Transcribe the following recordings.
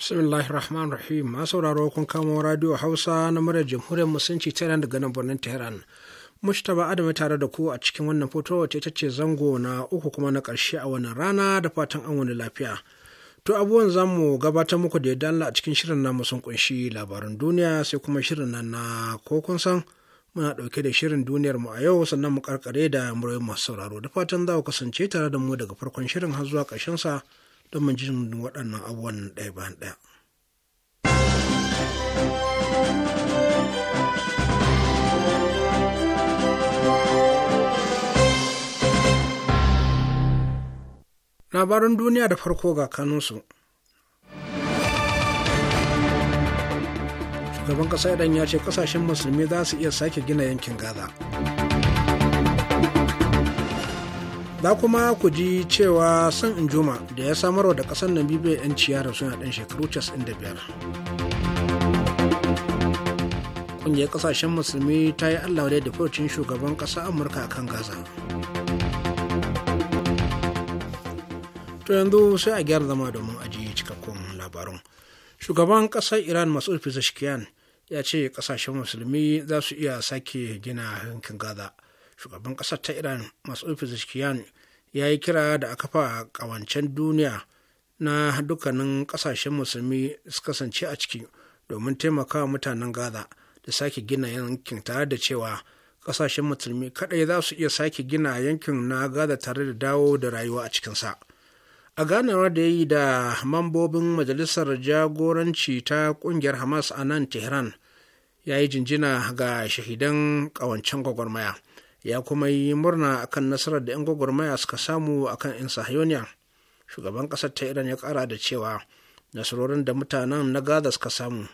bismillahi rahman rahim ma sauraro kun kamo radio hausa na murar jamhuriyar musulunci ta daga nan birnin tehran mushtaba adamu tare da ku a cikin wannan foto wace ita ce zango na uku kuma na karshe a wannan rana da fatan an wani lafiya to abubuwan za mu gabatar muku da ya dala a cikin shirin na sun kunshi labaran duniya sai kuma shirin nan na ko kun san muna ɗauke da shirin duniyar mu a yau sannan mu karkare da muryoyin masu sauraro da fatan za ku kasance tare da mu daga farkon shirin har zuwa ƙarshen sa don mu jin waɗannan abubuwan ɗaya bayan ɗaya. Labaran duniya da farko ga kanunsu. Shugaban ƙasa idan ya ce ƙasashen musulmi za su iya sake gina yankin Gaza. za kuma ku ji cewa san injuma da ya samarwa da ƙasar namibia 'yan da suna ɗan shekaru 95 ƙungiyar ƙasashen musulmi ta yi allah da dafocin shugaban ƙasa amurka kan gaza to yanzu sai a gyara zama domin ajiye cikakkun labarun shugaban ƙasar iran masu pezeshkian ya ce ƙasashen musulmi za su iya sake gina hankin gaza shugaban ƙasar ta iran masu pezeshkian ya yi kira da a kafa ƙawancen duniya na dukkanin ƙasashen musulmi su kasance a ciki domin taimakawa mutanen gaza da sake gina yankin tare da cewa ƙasashen musulmi kadai za su iya sake gina yankin na gaza tare da dawo da rayuwa a cikinsa a ganawa da ya yi da mambobin majalisar jagoranci ta kungiyar hamas a nan tehran ya yi jinjina ga shahidan ƙawancen gwagwarmaya ya kuma yi murna akan nasarar da 'yan gwagwarmaya suka samu akan 'yan sahayoniya shugaban ƙasar ta iran ya ƙara da cewa nasarorin da mutanen na gaza suka samu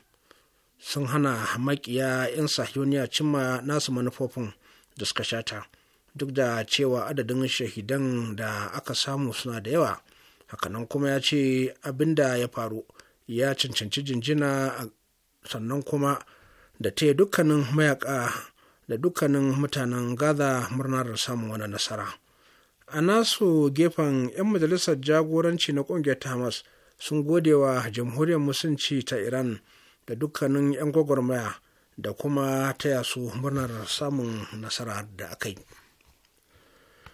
sun hana makiya 'yan sahiyoniya cimma nasu manufofin da suka shata duk da cewa adadin shahidan da aka samu suna da yawa hakanan kuma ya ce abin da ya faru ya cancanci jinjina sannan kuma da ta dukkanin mayaka da dukkanin mutanen gaza murnar samun wani nasara a nasu gefen 'yan majalisar jagoranci na ƙungiyar ta sun gode wa jamhuriyar musulunci ta iran da dukkanin 'yan gwagwarmaya da kuma ta su murnar samun nasara da aka yi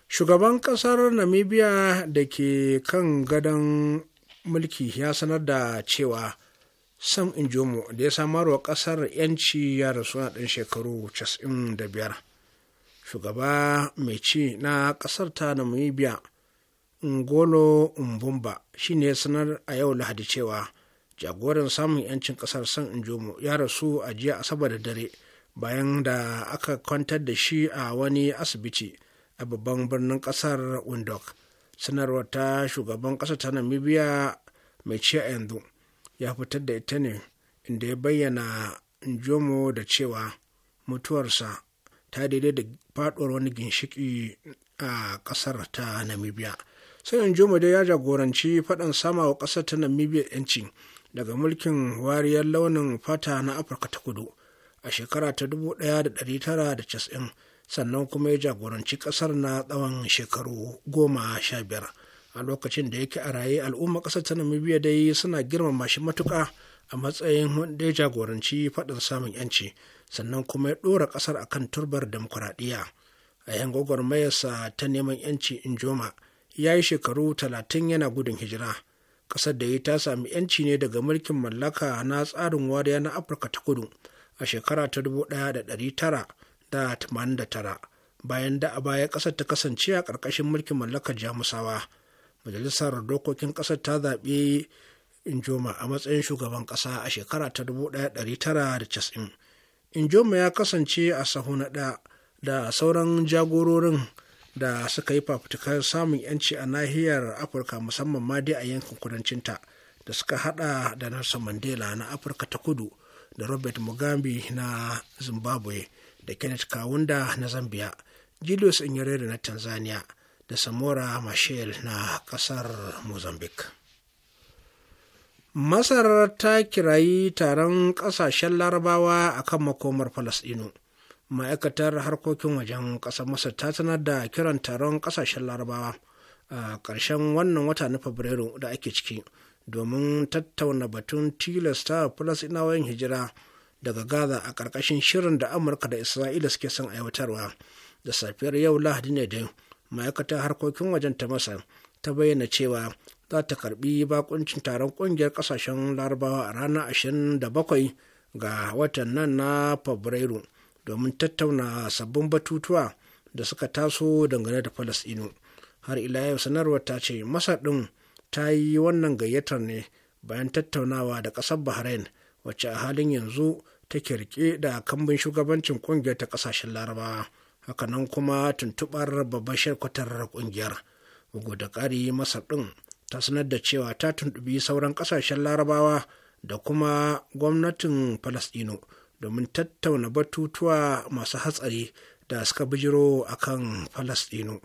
shugaban kasar namibia da ke kan gadon mulki ya sanar da cewa sam injomo da ya samarwa kasar yanci ya rasu na ɗan shekaru 95 shugaba mai ci na ƙasar ta namibia ngolo mbumba shine ya sanar a yau lahadi cewa jagoran samun yancin kasar san injomo ya rasu a jiya asabar da dare bayan da aka kwantar da shi a wani asibiti a babban birnin ƙasar windhoek sanarwar ta shugaban kasar ta namibia mai ci a yanzu ya fitar da ita ne inda ya bayyana Njomo da cewa mutuwarsa ta daidai da faɗuwar wani ginshiki a ƙasar ta Namibia. Sai Njomo dai ya jagoranci faɗan sama wa ƙasar ta Namibia 'yanci daga mulkin wariyar launin fata na Afirka ta kudu a shekara ta 1990 sannan kuma ya jagoranci ƙasar na tsawon shekaru goma sha biyar. a lokacin da yake a raye al'umma ƙasar ta namibia dai suna girmama shi matuƙa a matsayin wanda ya jagoranci faɗin samun yanci sannan kuma ya ɗora ƙasar kan turbar demokuraɗiyya a yan gwagwarmayarsa ta neman yanci injoma ya yi shekaru talatin yana gudun hijira ƙasar da ya ta sami yanci ne daga mulkin mallaka na tsarin wariya na afirka ta kudu a shekara ta dubu ɗaya da da da ɗari tara tamanin tara, bayan da a baya ƙasar ta kasance a ƙarƙashin mulkin mallakar jamusawa majalisar dokokin ƙasar ta zaɓi injoma a matsayin shugaban ƙasa a shekara ta 1990 injoma ya kasance a sahu na ɗaya da sauran jagororin da suka yi fafutukar samun yanci a nahiyar afirka musamman ma dai a yankin kudancinta da suka hada da nelson mandela na afirka ta kudu da robert mugambi na zimbabwe da kenneth kawunda na zambia julius inyerere na tanzania da samora machel na kasar mozambique masar ta kirayi taron kasashen larabawa a kan makomar falasdino ma'aikatar harkokin wajen kasar masar ta sanar da kiran taron ƙasashen larabawa a ƙarshen wannan wata na fabrairu da ake ciki domin tattauna batun tilasta falasinawayin hijira daga gaza a ƙarƙashin shirin da amurka da isra'ila suke son aiwatarwa da safiyar yau lahadi ne dai ma'aikatar harkokin wajen ta masar ta bayyana cewa za ta karbi bakuncin taron kungiyar kasashen larabawa a ranar bakwai ga watan nan na fabrairu domin tattauna sabbin batutuwa da suka taso dangane da falasɗinu har ila yau sanarwar ta ce masar ɗin ta yi wannan gayyatar ne bayan tattaunawa da ƙasar bahrain wacce a halin yanzu take rike da kambin shugabancin kungiyar ta ƙasashen larabawa hakanan kuma tuntubar babban shirkwatar kungiyar bugu da ƙari masar ɗin ta sanar da cewa ta tuntubi sauran ƙasashen larabawa da kuma gwamnatin falasɗino domin tattauna batutuwa masu hatsari da suka bijiro a kan falasɗino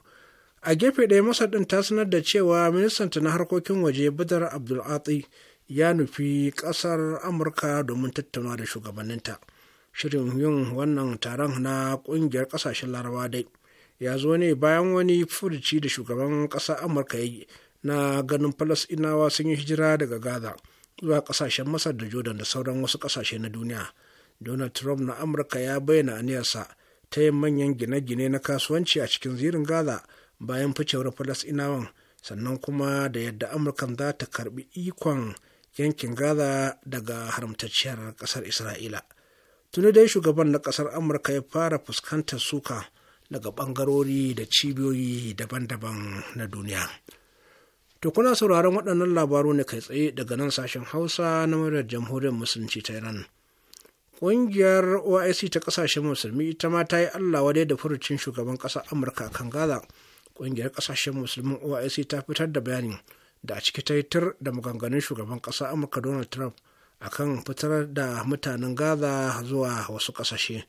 a gefe ɗaya masar ɗin ta sanar da cewa ministanta na harkokin waje badar abdul'atsi ya nufi ƙasar amurka domin tattauna da shugabanninta. shirin yin wannan taron na ƙungiyar ƙasashen laraba dai ya zo ne bayan wani furuci da shugaban ƙasa amurka ya yi na ganin Falasinawa sun yi hijira daga gaza zuwa ƙasashen masar da jordan da sauran wasu ƙasashe na duniya donald trump na amurka ya bayyana aniyarsa ta yin manyan gine-gine na kasuwanci a cikin zirin gaza bayan ficewar Falasinawan, sannan kuma da yadda amurkan za ta karbi ikon yankin gaza daga haramtacciyar ƙasar isra'ila tuni dai shugaban na kasar amurka ya fara fuskantar suka daga bangarori da cibiyoyi daban-daban na duniya to kuna sauraron waɗannan labaru ne kai tsaye daga nan sashen hausa na murar jamhuriyar musulunci ta iran ƙungiyar oic ta ƙasashen musulmi ita ma ta yi allah wadai da furucin shugaban ƙasar amurka kan gaza ƙungiyar ƙasashen musulmin oic ta fitar da bayani da a ciki ta yi tur da maganganun shugaban ƙasar amurka donald trump akan fitar da mutanen gaza zuwa wasu ƙasashe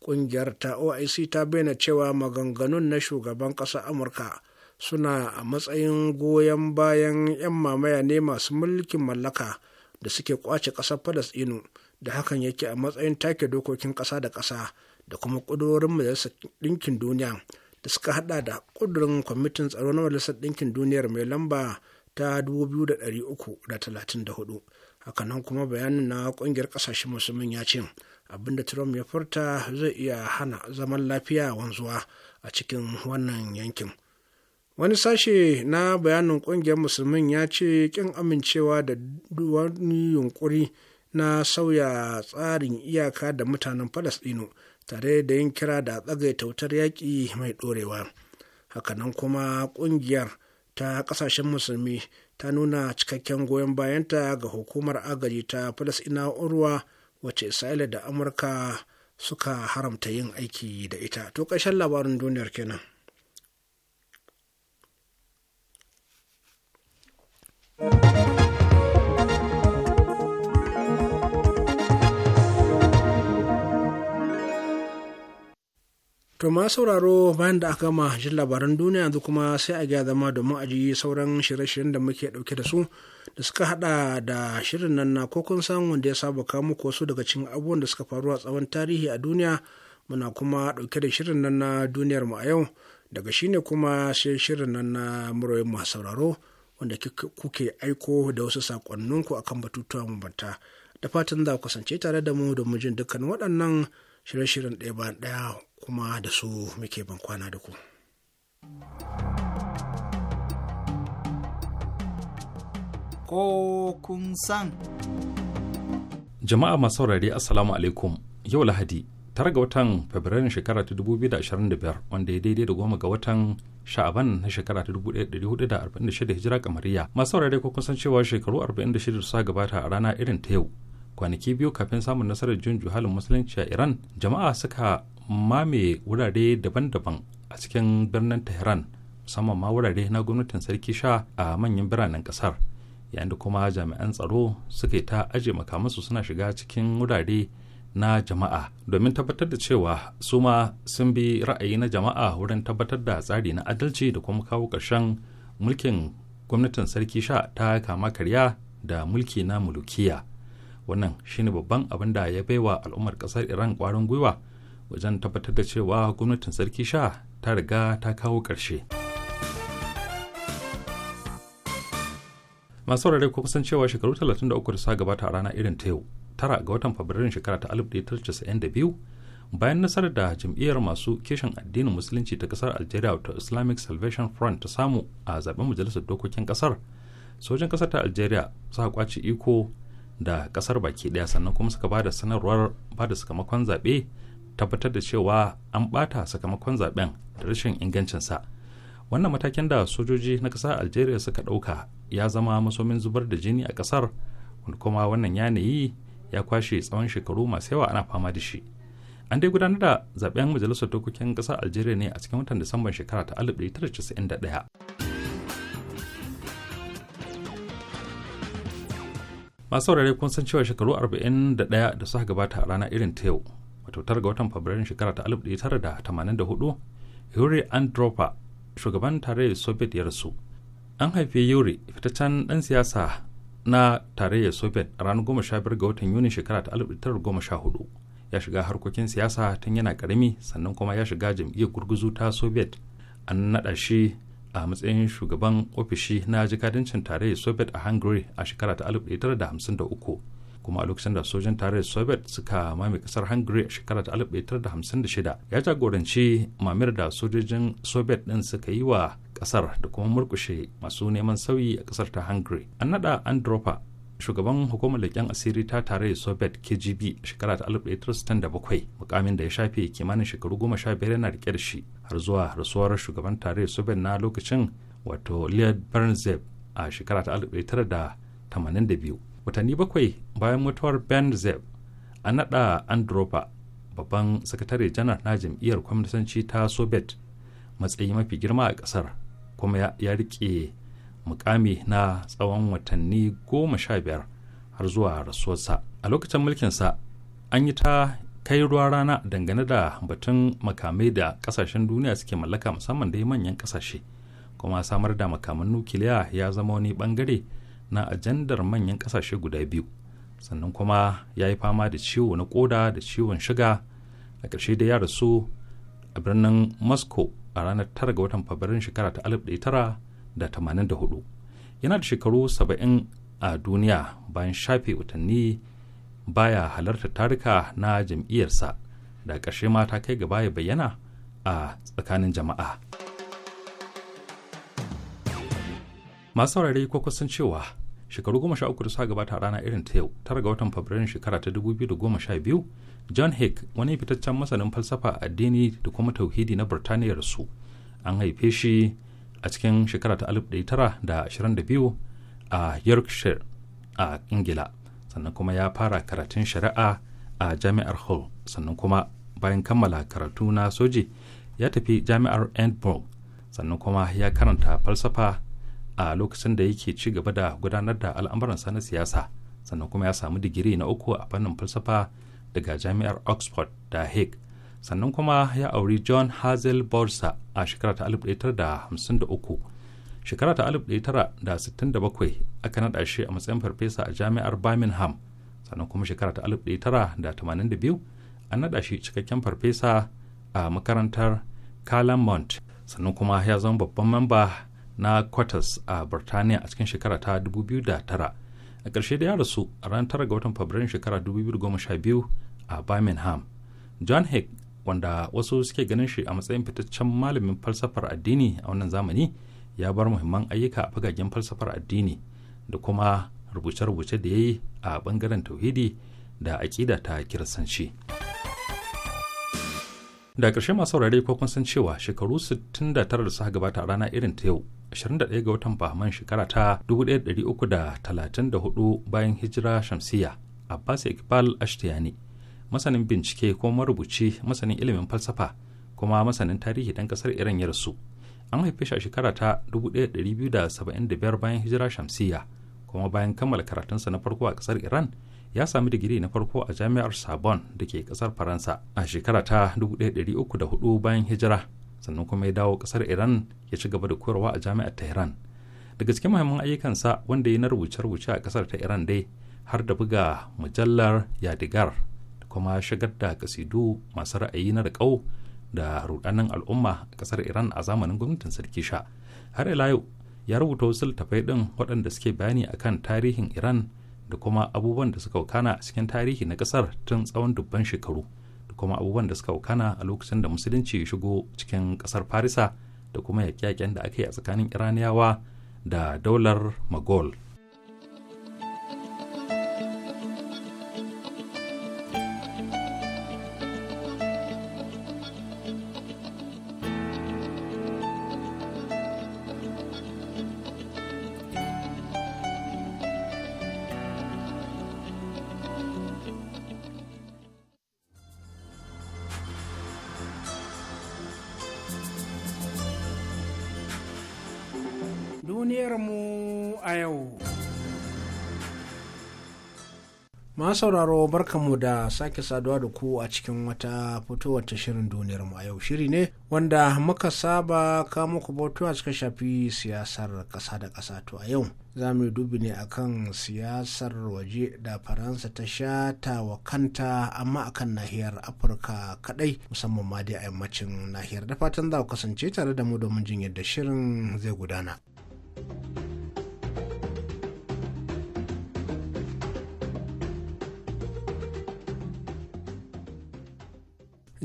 ƙungiyar ta oic ta bayyana cewa maganganun na shugaban ƙasar amurka suna a matsayin goyon bayan 'yan mamaya ne masu mulkin mallaka da suke kwace ƙasar falasɗinu da hakan yake a matsayin take dokokin ƙasa da ƙasa da kuma ƙudurorin majalisar ɗinkin duniya da suka hada da ƙudurin kwamitin tsaro na majalisar ɗinkin duniyar mai lamba ta 2,334 hakanan kuma bayanin na kungiyar kasashen musulmin ya ce abinda trump ya furta zai iya hana zaman lafiya wanzuwa a cikin wannan yankin wani sashe na bayanin kungiyar musulmin ya ce kin amincewa da wani yunkuri na sauya tsarin iyaka da mutanen palestino tare da yin kira da tsagaita wutar yaƙi mai ɗorewa hakanan kuma ƙungiyar ta kasashen musulmi ta nuna cikakken goyon bayanta ga hukumar agaji ta falasɗinawa urwa wacce isra'ila da amurka suka haramta yin aiki da ita to ƙarshen labarin duniyar kenan thank you To ma sauraro bayan da aka gama jin labaran duniya yanzu kuma sai a gaya zama domin a ji sauran shirye-shiryen da muke ɗauke da su da suka hada da shirin nan na ko kun san wanda ya saba kawo muku wasu daga cikin abubuwan da suka faru a tsawon tarihi a duniya muna kuma ɗauke da shirin nan na duniyar mu a yau daga shi ne kuma sai shirin nan na muryoyin ma sauraro wanda kuke aiko da wasu sakonnin ku akan batutuwa mabanta da fatan za ku kasance tare da mu domin jin dukkan waɗannan shirye-shiryen ɗaya bayan ɗaya kuma da su muke ban kwana da ku. Ko kun san. Jama'a masu saurari Assalamu alaikum yau Lahadi tara ga watan Fabrairu shekara ta 2025 wanda ya daidai da goma ga watan sha'aban na shekara ta 1446 hijira kamariya masu saurari ko kun san cewa shekaru 46 sa gabata a rana irin ta yau kwanaki biyu kafin samun nasarar jin juhalin musulunci a iran jama'a suka mamaye wurare daban-daban a cikin birnin tehran musamman ma wurare na gwamnatin sarki sha a manyan biranen kasar yayin da kuma jami'an tsaro suka yi ta aje makamansu suna shiga cikin wurare na jama'a domin tabbatar da cewa su ma sun bi ra'ayi na jama'a wurin tabbatar da tsari na adalci da kuma kawo ƙarshen mulkin gwamnatin sarki sha ta kama karya da mulki na mulukiya wannan shine babban abin da ya baiwa al'ummar ƙasar iran kwarin gwiwa wajen tabbatar da cewa gwamnatin sarki sha ta riga ta kawo ƙarshe. masu wurare ko kusan cewa shekaru 33 da sa gabata a rana irin ta yau tara ga watan fabrairun shekara ta 1992 bayan nasarar da jam'iyyar masu kishin addinin musulunci ta kasar algeria wato islamic salvation front ta samu a zaben majalisar dokokin kasar sojan kasar ta algeria suka kwaci iko da kasar baki daya sannan kuma suka ba da sanarwar ba da sakamakon zaɓe tabbatar da cewa an bata sakamakon zaben da rashin ingancinsa wannan matakin da sojoji na kasar algeria suka ɗauka ya zama masomin zubar da jini a kasar wanda kuma wannan yanayi ya kwashe tsawon shekaru masu yawa ana fama da shi an dai gudanar da zaben majalisar dokokin ƙasar algeria ne a cikin watan disamban shekara ta 1991 masu saurare kun san cewa shekaru 41 da suka gabata a rana irin ta yau wato tara ga watan fabrairun shekara ta 1984 yuri andropa shugaban tarayyar soviet ya rasu an haifi yuri fitaccen dan siyasa na tarayyar soviet ranar 15 ga watan yuni shekara ta 1914 ya shiga harkokin siyasa tun yana karami sannan kuma ya shiga jam'iyyar gurguzu ta soviet an nada shi a matsayin shugaban ofishi na jikadancin tarayyar soviet a hungary a shekara ta 1953 kuma a lokacin da sojan tarayyar soviet suka mame kasar hungary a shekarar 1956 ya jagoranci mamir da sojojin soviet din suka yi wa kasar da kuma murkushe masu neman sauyi a kasar ta hungary an nada andropa shugaban hukumar leƙen asiri ta tarayyar soviet kgb shekara ta bakwai mukamin da ya shafe kimanin shekaru goma sha biyar yana riƙe da shi har zuwa rasuwar shugaban tarayyar soviet na lokacin wato leonid brezhnev a shekara ta 1982 watanni bakwai bayan mutuwar ben zeb a naɗa andropa babban sakatare janar na jam'iyyar kwamitanci ta soviet matsayi mafi girma a ƙasar kuma ya riƙe mukami na tsawon watanni goma sha biyar har zuwa rasuwarsa a lokacin mulkinsa an yi ta kai ruwa rana dangane da batun makamai da kasashen duniya suke mallaka musamman dai manyan kasashe kuma samar da makaman nukiliya ya zama wani bangare na ajandar manyan kasashe guda biyu sannan kuma ya yi fama da ciwo na koda da ciwon shiga a ƙarshe da ya rasu a birnin moscow a ranar 9 ga watan fabrairun shekara ta hudu yana da shekaru saba'in a duniya bayan shafe watanni baya halarta tarika na jam'iyyarsa da ƙarshe ma ta kai gaba ya bayyana a tsakanin jama'a masu saurare ko cewa shekaru goma sha uku da suka gabata a ranar irin ta yau tara ga watan fabrairun shekara ta dubu biyu da goma sha biyu john hick wani fitaccen masanin falsafa addini da kuma tauhidi na birtaniya su an haife shi a cikin shekara ta alif ɗaya tara da ashirin da biyu a yorkshire a ingila sannan kuma ya fara karatun shari'a a jami'ar hall sannan kuma bayan kammala karatu na soji ya tafi jami'ar edinburgh sannan kuma ya karanta falsafa a lokacin da yake ci gaba da gudanar da al'amuransa na siyasa sannan kuma ya samu digiri na uku a fannin falsafa daga jami'ar oxford da hague sannan kuma ya auri john hazel borsa a shekara ta 1953 shekara ta 1967 aka naɗa shi a matsayin farfesa a jami'ar birmingham sannan kuma shekara ta 1982 an naɗa shi cikakken farfesa a makarantar calamont sannan kuma ya zama babban mamba na Quartus a Birtaniya a cikin shekara ta 2009. A ƙarshe da ya rasu a ranar tara ga watan Fabrairu shekara 2012 a Birmingham. John Hick wanda wasu suke ganin shi a matsayin fitaccen malamin falsafar addini a wannan zamani ya bar muhimman ayyuka a fagagen falsafar addini da kuma rubuce-rubuce da ya yi a bangaren tauhidi da aƙida ta kiristanci. da ƙarshe masu saurare ko kun san cewa shekaru 69 da suka gabata a rana irin ta yau 21 ga watan Bahman shekara ta 1334 bayan hijira shamsiya Abbas Iqbal Ashtiyani masanin bincike ko marubuci masanin ilimin falsafa kuma masanin tarihi dan kasar Iran ya rasu an haife shi a shekara ta 1275 bayan hijira shamsiya kuma bayan kammala karatunsa na farko a kasar Iran ya sami digiri na farko a jami'ar sabon da ke kasar faransa a shekara ta 1304 bayan hijira sannan kuma ya dawo kasar iran ya ci gaba da koyarwa a jami'ar tehran daga cikin mahimman ayyukansa wanda ya na rubuce-rubuce a kasar ta iran dai har da buga mujallar yadigar da kuma shigar da kasidu masu ra'ayi na rikau da rudanin al'umma a kasar iran a zamanin gwamnatin sarki sha har ila yau ya rubuta wasu littafai ɗin waɗanda suke bayani akan tarihin iran da kuma abubuwan da suka wakana a cikin tarihi na kasar tun tsawon dubban shekaru da kuma abubuwan da suka wakana a lokacin da musulunci ya shigo cikin kasar farisa da kuma yaƙe-yaƙen da aka yi a tsakanin iraniyawa da daular magol masu sauraro barkamu da sake saduwa da ku a cikin wata fitowar ta shirin duniyar mu a yau shiri ne wanda muka saba ka muku a suka shafi siyasar ƙasa da ƙasa to a yau za mu dubi ne akan siyasar waje da faransa ta shata wa kanta amma akan nahiyar afirka kadai musamman ma dai a yammacin nahiyar da fatan za ku kasance tare da mu domin jin yadda shirin zai gudana.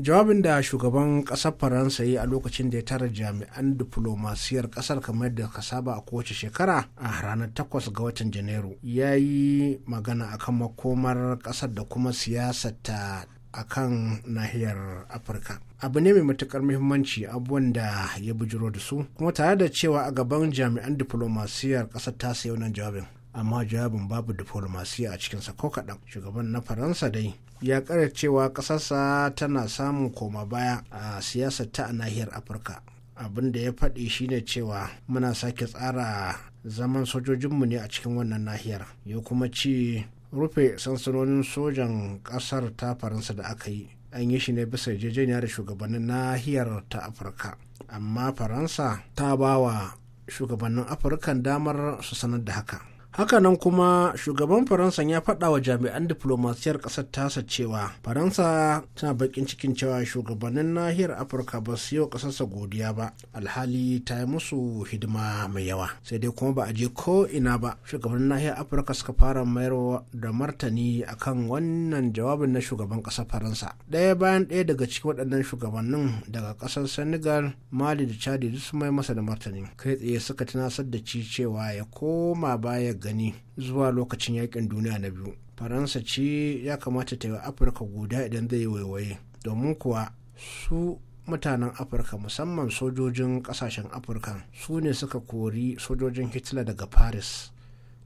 jawabin da shugaban ƙasar faransa yi a lokacin da ya tara jami'an diflomasiyar kasar kamar da ka saba a kowace shekara a ranar 8 ga watan janairu ya yi magana akan makomar kasar da kuma siyasata kan nahiyar afirka abu ne mai matukar muhimmanci abubuwan da ya bujiro da su kuma tare da cewa a gaban jami'an diflomasiyar ƙasar ta sayo nan jawabin amma jawabin babu diflomasiya a cikinsa ko kaɗan shugaban na faransa dai ya kara cewa ƙasarsa tana samun koma baya a siyasar ta a nahiyar afirka abin da ya faɗi shine cewa muna sake tsara zaman sojojinmu ne a cikin wannan nahiyar ya kuma ci, rufe sansanonin sojan ƙasar ta faransa da aka yi an yi shi ne bisa yarjejeniya da shugabannin nahiyar ta afirka amma faransa ta ba wa shugabannin afirkan damar su sanar da haka hakanan kuma shugaban faransa ya faɗa wa jami'an diflomasiyar ƙasar tasa cewa faransa tana bakin cikin cewa shugabannin nahiyar afirka ba su yi wa ƙasarsa godiya ba alhali ta yi musu hidima mai yawa sai dai kuma ba a je ko ina ba shugabannin nahiyar afirka suka fara mayar da martani akan wannan jawabin na shugaban ƙasar faransa daya bayan ɗaya daga cikin waɗannan shugabannin daga ƙasar senegal mali da chadi duk sun mai masa da martani kai tsaye suka tunasar da ci cewa ya koma baya gani zuwa lokacin yakin duniya na biyu faransa ce ya kamata ta yi wa afirka guda idan zai yi waiwaye domin kuwa su mutanen afirka musamman sojojin kasashen afirka su ne suka kori sojojin hitler daga paris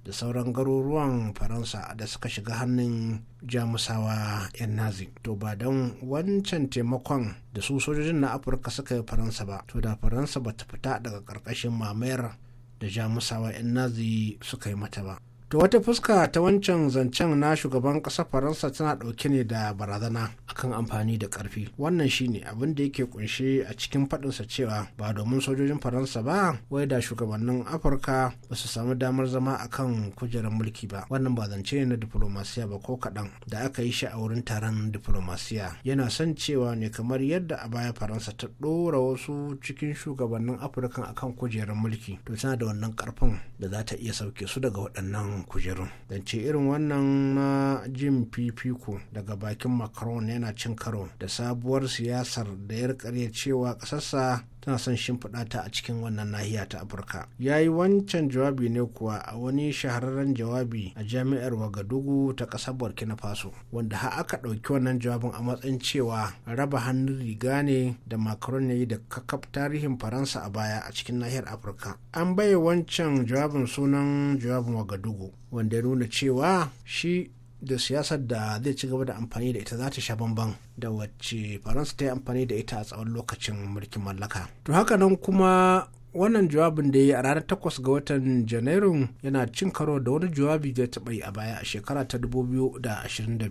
da sauran garuruwan faransa da suka shiga hannun jamusawa 'yan nazi to ba don wancan taimakon da su sojojin na afirka suka yi faransa ba to da faransa ba ta fita daga ƙarƙashin mamayar da jamusawa 'yan nazi suka yi mata ba To wata fuska ta wancan zancen na shugaban ƙasar faransa tana ɗauke ne da barazana akan amfani da ƙarfi wannan shine abin da yake kunshe a cikin faɗinsa cewa ba domin sojojin faransa ba wai da shugabannin afirka ba su samu damar zama akan kujerar mulki ba wannan ba zance ne na diplomasiya ba ko kaɗan da aka yi shi a wurin taron diplomasiya yana son cewa ne kamar yadda a baya faransa ta ɗora wasu cikin shugabannin afirka akan kujerar mulki to tana da wannan ƙarfin da za ta iya sauke su daga waɗannan irin kujerun don ce irin wannan na jin fifiko daga bakin macron yana cin karo da sabuwar siyasar da ya cewa ƙasarsa tana son shimfiɗa ta a cikin wannan nahiya ta afirka ya yi wancan jawabi ne kuwa a wani shahararren jawabi a jami'ar wagadugu ta ƙasar burkina faso wanda har aka ɗauki wannan jawabin a matsayin cewa raba hannun riga ne da macron ya yi da kakaf tarihin faransa a baya a cikin nahiyar afirka an bai wancan jawabin sunan jawabin wagadugu wanda ya nuna cewa shi da siyasar da zai ci gaba da amfani da ita za ta sha bamban da wacce faransa ta yi amfani da ita a tsawon lokacin mulkin mallaka to haka nan kuma wannan jawabin da ya yi a ranar 8 ga watan janairun yana cin karo da wani jawabi da taɓa yi a baya a shekara ta 2022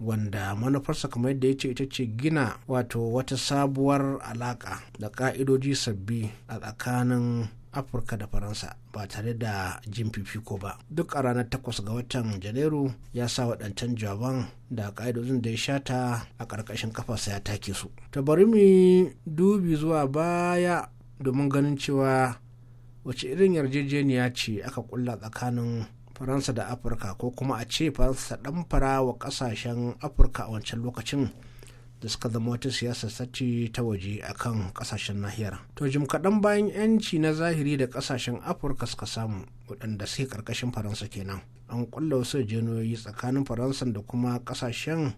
wanda manufarsa kamar yadda ya ce ita ce gina wato wata sabuwar alaƙa da ka'idoji sabbi a tsakanin afirka da faransa ba tare da jin fifiko ba duk a ranar takwas ga watan janairu ya sa waɗancan jaban da ƙa'idojin da ya shata a ƙarƙashin kafarsa ya take su ta bari mu dubi zuwa baya domin ganin cewa wace irin yarjejeniya ce aka kulla tsakanin faransa da afirka ko kuma a ce faransa ɗan fara wa ƙasashen afirka a wancan lokacin da suka zama wata siyasa sace ta waje a kan kasashen nahiyar to jim kaɗan bayan yanci na zahiri da kasashen afirka suka samu waɗanda suke ƙarƙashin faransa kenan an ƙulla wasu jenoyi tsakanin faransa da kuma ƙasashen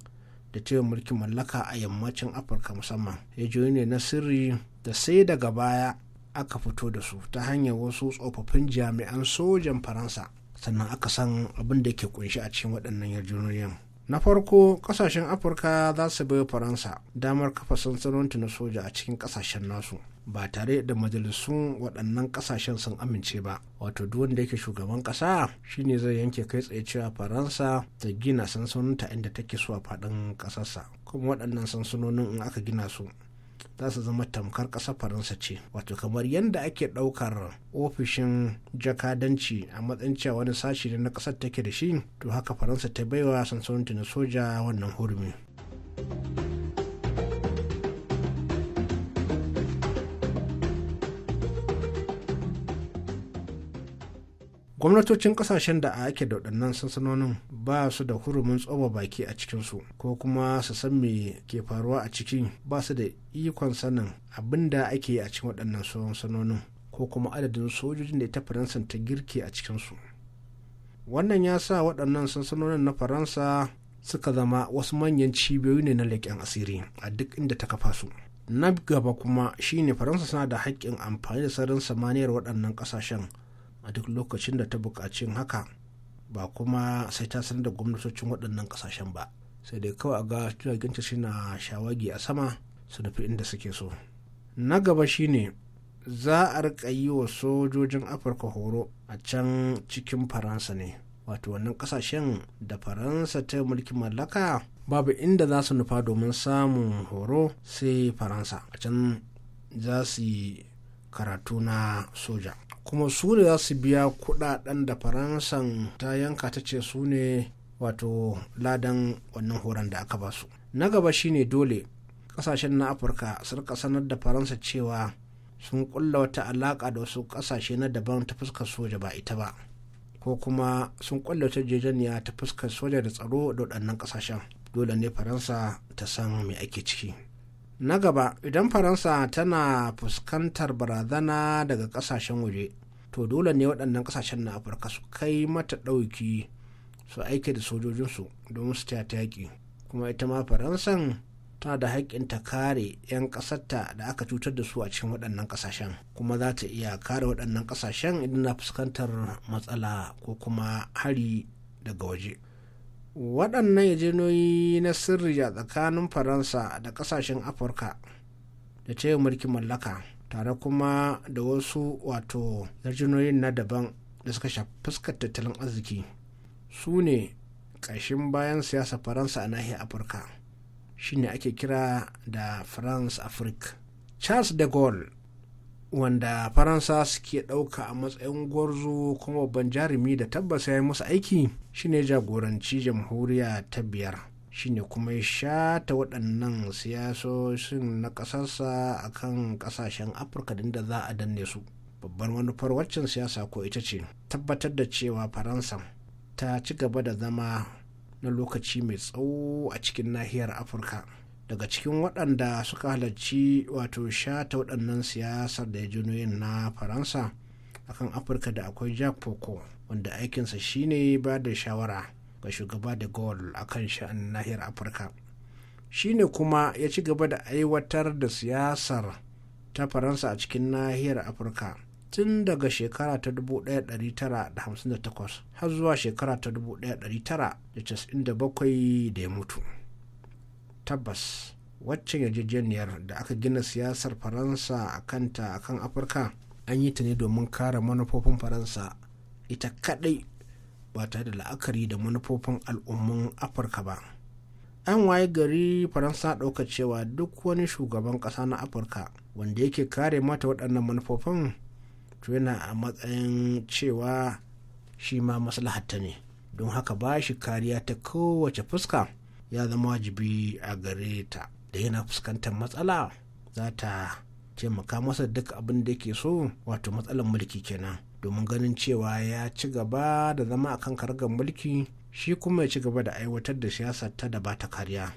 da cewa mulkin mallaka a yammacin afirka musamman ya ne na sirri da sai daga baya aka fito da su ta hanyar wasu tsofaffin jami'an sojan faransa sannan aka san abin da ke kunshi a cikin waɗannan yarjejeniyar. na farko kasashen afirka za su bai faransa damar kafa sansanonta na soja a cikin kasashen nasu ba tare da majalisun waɗannan kasashen sun amince ba wato duk wanda yake shugaban ƙasa shine zai yanke kai tsaye cewa faransa ta gina ta inda take so a faɗin ƙasarsa kuma waɗannan sansanonin in aka gina su za su zama tamkar ƙasa faransa ce wato kamar yadda ake ɗaukar ofishin jakadanci a matsayin cewa wani sashi na ƙasar take da shi to haka faransa ta baiwa sansanin na soja wannan hurumi. gwamnatocin kasashen da ake da waɗannan sansanonin ba su da hurumin tsoma baki a cikinsu ko kuma su san me ke faruwa a cikin ba su da ikon sanin abin da ake yi a cikin waɗannan sansanonin ko kuma adadin sojojin da ta faransa ta girke a cikinsu wannan ya sa waɗannan sansanonin na faransa suka zama wasu manyan cibiyoyi ne na leƙen asiri a duk inda ta kafa su na gaba kuma shine faransa suna da haƙƙin amfani da sararin samaniyar waɗannan ƙasashen a duk lokacin da ta bukaci haka ba kuma sai ta sanar da gwamnatocin waɗannan ƙasashen ba sai dai kawai ga jiraginta suna shawagi a sama su nufi inda suke so na gaba shine za a rika yi wa sojojin afirka horo a can cikin faransa ne wato wannan ƙasashen da faransa ta mulkin mallaka babu inda za su nufa domin samun horo sai faransa a can za su yi karatu na soja kuma su ne za su biya kudaden da faransan ta yanka ta ce su ne wato ladan wannan horon da aka basu na gaba shine dole kasashen na afirka su rika sanar da faransa cewa sun kulla wata alaka da wasu kasashe na daban ta fuskar soja ba ita ba ko kuma sun kulla wata jejeniya ta fuskar soja da tsaro da waɗannan kasashen dole ne faransa ta san me ake ciki na gaba idan faransa tana fuskantar barazana daga kasashen waje to dole ne waɗannan kasashen na afirka su kai mata ɗauki su aike da sojojinsu domin su ta yaƙi kuma ita ma faransan tana da haƙƙin ta kare 'yan ƙasarta da aka cutar da su a cikin waɗannan ƙasashen kuma za ta iya kare waɗannan ƙasashen idan na fuskantar matsala ko kuma hari daga waje. waɗannan yajenoyi na sirri a tsakanin faransa da ƙasashen afirka da ce mulkin mallaka tare kuma da wasu wato yarjinoyin na daban da suka shafi fuskar tattalin arziki su ne ƙashin bayan siyasa faransa a nahiyar afirka shine ake kira da france afrique charles de gaulle wanda faransa suke ɗauka a matsayin gwarzo kuma babban jarumi da tabbas ya yi musu aiki shine jagoranci jamhuriya ta biyar shine kuma ya shata waɗannan siyasoshin na ƙasarsa a kan ƙasashen afirka da za a danne su babbar manufar waccan siyasa ko ita ce tabbatar da cewa faransa ta ci gaba da zama na lokaci mai tsawo a cikin nahiyar afirka daga cikin waɗanda suka halarci wato shata waɗannan siyasar da ya junoyin na faransa akan afirka da akwai jack poco wanda aikinsa shine ba da shawara ga shugaba da gol akan sha'an nahiyar afirka shine kuma ya ci gaba da aiwatar da siyasar ta faransa a cikin nahiyar afirka tun daga shekara ta 1958 har zuwa shekara ta 1997 da ya mutu tabbas wacce yarjejeniyar da aka gina siyasar faransa a kanta a kan afirka an yi ta ne domin kare manufofin faransa ita kadai ba tare da la'akari da manufofin al'umman afirka ba an waye gari faransa ɗauka cewa duk wani shugaban ƙasa na afirka wanda yake kare mata waɗannan manufofin to yana a matsayin cewa shi ma maslahatta ne don haka ba shi kariya ta kowace fuska ya zama wajibi a gare ta da yana fuskantar matsala za ta taimaka masa duk abin da yake so wato matsalar mulki kenan domin ganin cewa ya ci gaba da zama a kan kargar mulki shi kuma ya ci gaba da aiwatar da siyasa ta da bata kariya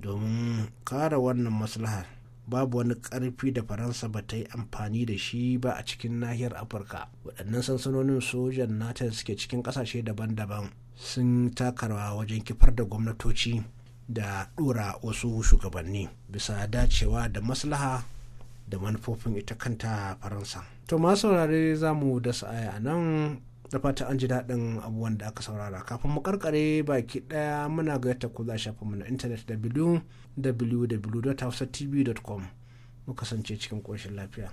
domin kara wannan maslaha babu wani karfi da faransa ba ta yi amfani da shi ba a cikin nahiyar afirka waɗannan sansanonin sojan nata suke cikin ƙasashe daban-daban sun takarwa wajen kifar da gwamnatoci da dura wasu shugabanni bisa dacewa da maslaha da manufofin ita kanta faransa to ma saurare za mu da sa'aya a nan da fata an ji daɗin abubuwan da aka saurara kafin mu karkare baki ɗaya muna gayyata ku za shafin mu na intanet da www.hausatv.com mu kasance cikin koshin lafiya.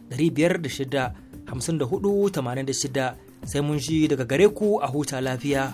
506 sai mun ji daga gare ku a huta lafiya.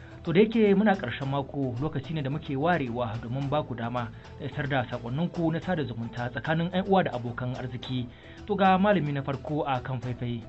To da yake muna ƙarshen mako lokaci ne da muke warewa domin ba ku dama da isar da sakonninku na sada zumunta tsakanin 'yan uwa da abokan arziki. To ga malami na farko a kan faifai.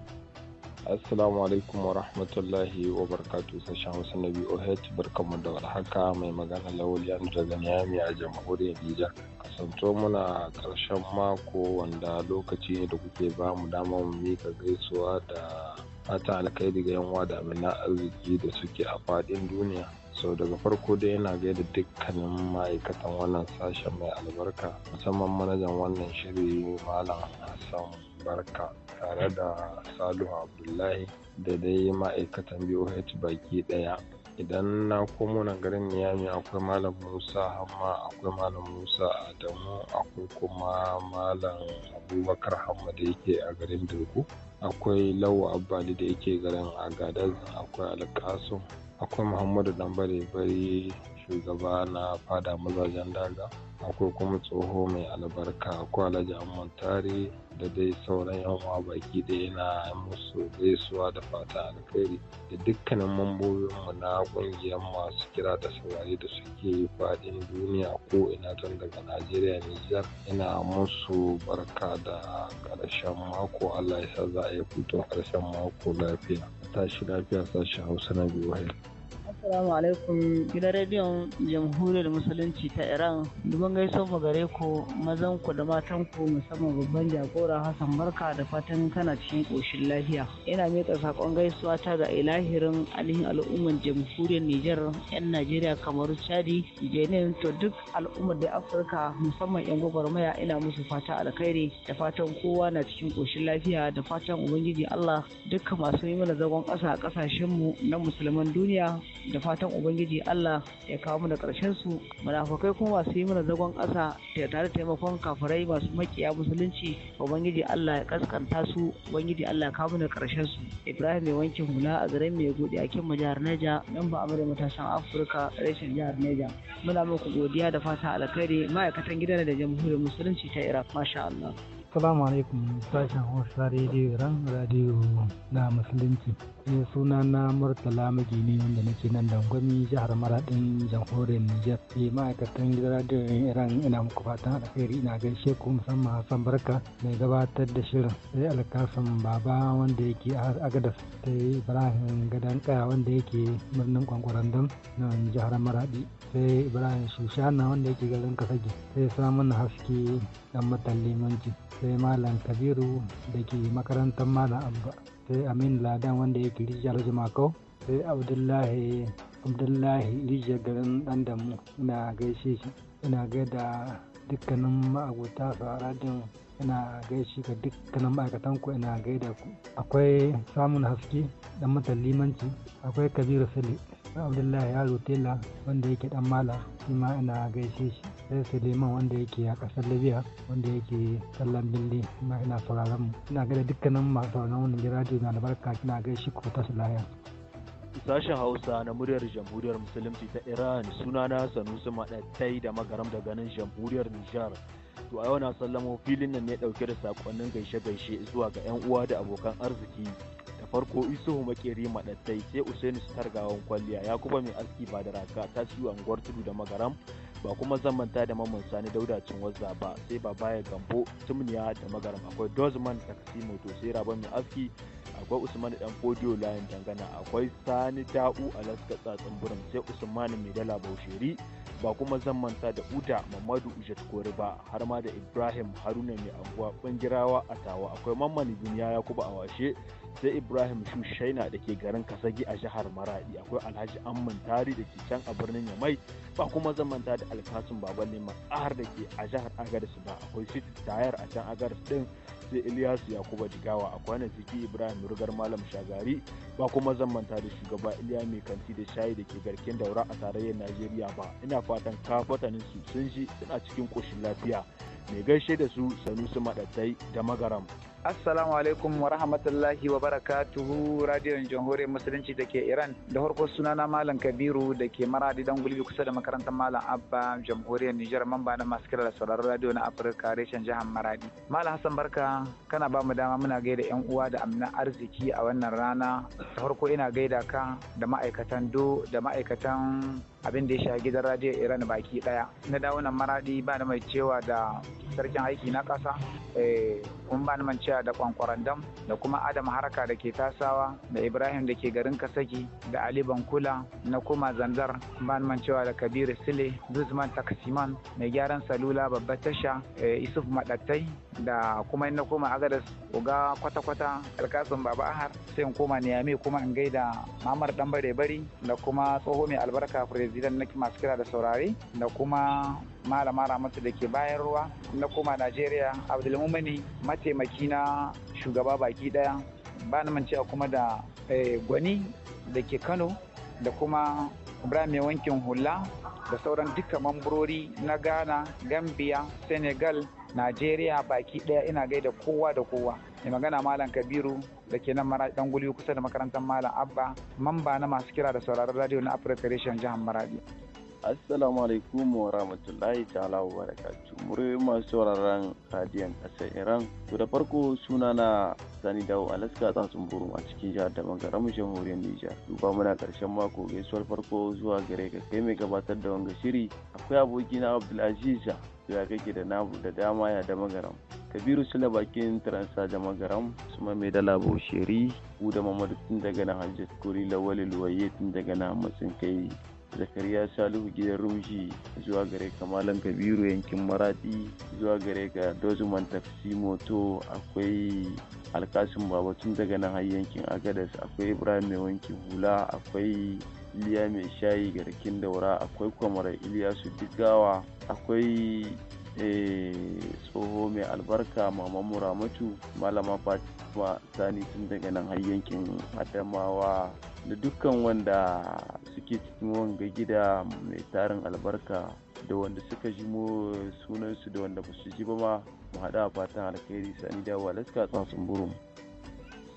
Assalamu alaikum wa rahmatullahi wa barakatu sashen nabi na BOH barkamu da warhaka mai magana Lawali daga Niyami a jamhuriyar Nijar. Kasanto muna karshen mako wanda lokaci ne da kuke ba mu dama mu mika gaisuwa da fatan alkhairi ga yan wada da amina arziki da suke a faɗin duniya Sau daga farko dai yana gaida dukkanin ma'aikatan wannan sashen mai albarka musamman manajan wannan shiri malam hassan barka tare da salihu abdullahi da dai ma'aikatan boh baki daya idan na komo nan garin niyami akwai malam musa hamma akwai malam musa adamu akwai kuma malam abubakar hamma da yake a garin dirku akwai lawa abbali da yake garin agadez akwai alkasum akwai muhammadu dambare bari shugaba na fada mazajen daga akwai kuma tsoho mai albarka akwai alhaji amman tare da dai sauran yan baki da yana musu gaisuwa da fata alkhairi da dukkanin mambobinmu na kungiyar masu kira da saurari da suke fadin duniya ko ina tun daga najeriya nijar ina musu barka da karshen mako allah ya sa za a yi hutun karshen mako lafiya tashi lafiya sashi hausa na biyu Assalamu alaikum gidan rediyon jamhuriyar musulunci ta Iran. Dubban gaiso mu gare ku mazan ku da matan ku musamman babban jagora Hassan Barka da fatan kana cikin koshin lafiya. Ina miƙa sakon gaisuwa ta ga ilahirin alihin al'umman jamhuriyar Nijar, 'yan Najeriya kamar Chadi, Benin to duk al'ummar da Afirka musamman 'yan gwagwarmaya ina musu fata alkhairi da fatan kowa na cikin koshin lafiya da fatan Ubangiji Allah dukkan masu yi mana zagon ƙasa a ƙasashenmu na musulman duniya fatan ubangiji Allah ya kawo mana ƙarshen su munafukai kuma masu yi mana zagon ƙasa da tare da taimakon kafirai masu makiya musulunci ubangiji Allah ya kaskanta su ubangiji Allah ya kawo mana ƙarshen su Ibrahim mai wankin hula a garin mai gode a kin jihar Neja nan ba amurka matasan Afirka reshen jihar Neja muna muku godiya da fata alkhairi ma'aikatan gidan da jamhuriyar musulunci ta Iraq masha Allah Assalamu alaikum sashen Hausa Radio Ran Radio na Musulunci. suna na murtala magini wanda nake nan da gwami jihar maradin jamhuriyar niger ke eh, ma'aikatan gidan radiyon iran ina muku fatan alheri ina gaishe ku musamman hassan barka mai gabatar da shirin sai eh, alkasan baba wanda yake agadas sai eh, ibrahim gadan kaya wanda yake birnin kwankwarandam na jihar maradi sai ibrahim shushana wanda yake garin kasage sai samun haske dan matan limanci sai malam kabiru da ke makarantar malam abba sai eh, amin ladan wanda ya fi rijiyar jimakau sai eh, abdullahi abdullahi rijiyar garin dan damu ina gaishe shi ina gaida dukkanin a radin ina gaishe ga dukkanin ma'aikatan ku ina gaida ku akwai samun haske dan matan limanci akwai kabiru sali abdullahi yaro tela wanda yake dan mala shi ma ina gaishe shi sai suleiman wanda yake a kasar libya wanda yake sallan bille ma ina sauraron mu ina gada dukkanin masu sauraron wannan radio na albarka kina gaishe ku ta lahiya sashen hausa na muryar jamhuriyar musulunci ta iran sunana sanusi maɗaɗai da magaram da ganin jamhuriyar nijar to a yau na sallamo filin nan ne ɗauke da sakonnin gaishe-gaishe zuwa ga 'yan uwa da abokan arziki da farko isuhu makeri madattai sai usaini su targawan kwalliya yakuba mai aski ba da raka ta tasiri unguwar tudu da magaram ba kuma zamanta da mamman sani cin wazza ba sai ba baya gambo tumniya da magaram akwai dozman taksi moto sai rabon mai aski akwai usman dan fodiyo layin dangana akwai sani ta'u alaska tsatsin burin sai usman mai dala bausheri ba kuma zamanta da uda mamadu ujat kori ba har ma da ibrahim haruna mai anguwa bangirawa a tawa akwai mamman duniya a washe sai ibrahim shaina da ke garin kasagi a jihar maradi akwai alhaji amman tari da ke can a birnin yamai ba kuma zamanta da alkasun baban neman tsahar da ke a jihar agaris ba akwai city tayar a can agaris din sai iliyasu yakuba jigawa a kwanan ciki ibrahim rugar malam shagari ba kuma zamanta da shugaba iliya mai kanti da shayi da ke garkin daura a tarayyar najeriya ba ina fatan kafatanin su sun ji suna cikin koshin lafiya mai gaishe da su sanusi maɗattai da magaram Assalamu alaikum wa rahmatullahi wa barakatuhu radiyon jamhuriyar musulunci da ke Iran da harkar sunana Malam Kabiru da ke maradi don gulbi kusa da makarantar Malam Abba jamhuriyar Nijar mamba na masu kira da sauraron radiyo na Afirka reshen jihar Maradi. Malam Hassan Barka kana ba mu dama muna gaida yan uwa da amina arziki a wannan rana da harko ina gaida ka da ma'aikatan do da ma'aikatan abin da ya sha gidan radiyo iran baki daya na dawo nan maradi ba na mai cewa da sarkin aiki na kasa eh, kun ba da cewa da kwankwaran dam da kuma adam haraka da ke tasawa da ibrahim da ke garin kasaki da ali bankula na kuma zanzar ba na cewa da kabiru sile duzman taksiman mai gyaran salula babbar tasha eh, isuf madattai da kuma in na koma agadas uga kwata-kwata alkasin baba ahar sai in koma niyame kuma in gaida mamar dan bare bari da kuma tsoho mai albarka president na masu kira da saurari da kuma malama ramatu da ke bayan ruwa na koma najeriya abdulmumani mataimaki na shugaba baki daya ba na mancewa kuma da eh, gwani da ke kano da kuma ibrahim mai wankin hula da sauran duka mamburori na ghana gambia senegal najeriya baki daya ina gaida kowa da kowa mai magana malam kabiru da ke nan mara dan kusa da makarantar malam abba mamba na masu kira da sauraron radio na afirka reshen jihar maraɗi. Assalamu alaikum wa rahmatullahi ta'ala wa barakatu. Mure masu sauraron radiyon ƙasar Iran. To da farko suna na Sani Dawo a Alaska tsatsun burum a cikin jihar da magaram jamhuriyar Nijar. Duba muna ƙarshen mako gaisuwar farko zuwa gare ka kai mai gabatar da wanga shiri. Akwai abokina Abdulaziz da ya kake da namu da dama ya da magaram. Kabiru Sula bakin Transa da magaram Usman Mai Dala shiri. Uda Mamadu tun daga na Hajjat Kuri Lawali Luwaye tun daga na Matsin Kai zakariya salihu gidan rushi zuwa gare ka kabiru yankin maradi zuwa gare ga dozuman taksi moto akwai alkasin baba tun daga nan yankin agadas akwai ibrahim mai wanki hula akwai iliya mai shayi garkin daura akwai kwamarar iliyasu digawa akwai eh, tsoho mai albarka mama muramatu malama fatima sani tun daga nan har yankin adamawa da dukkan wanda suke cikin wanga gida mai tarin albarka da wanda suka ji mu sunansu da wanda ba su ji ba ma mu haɗa fatan alkhairi sani da walaska tsatsun burum.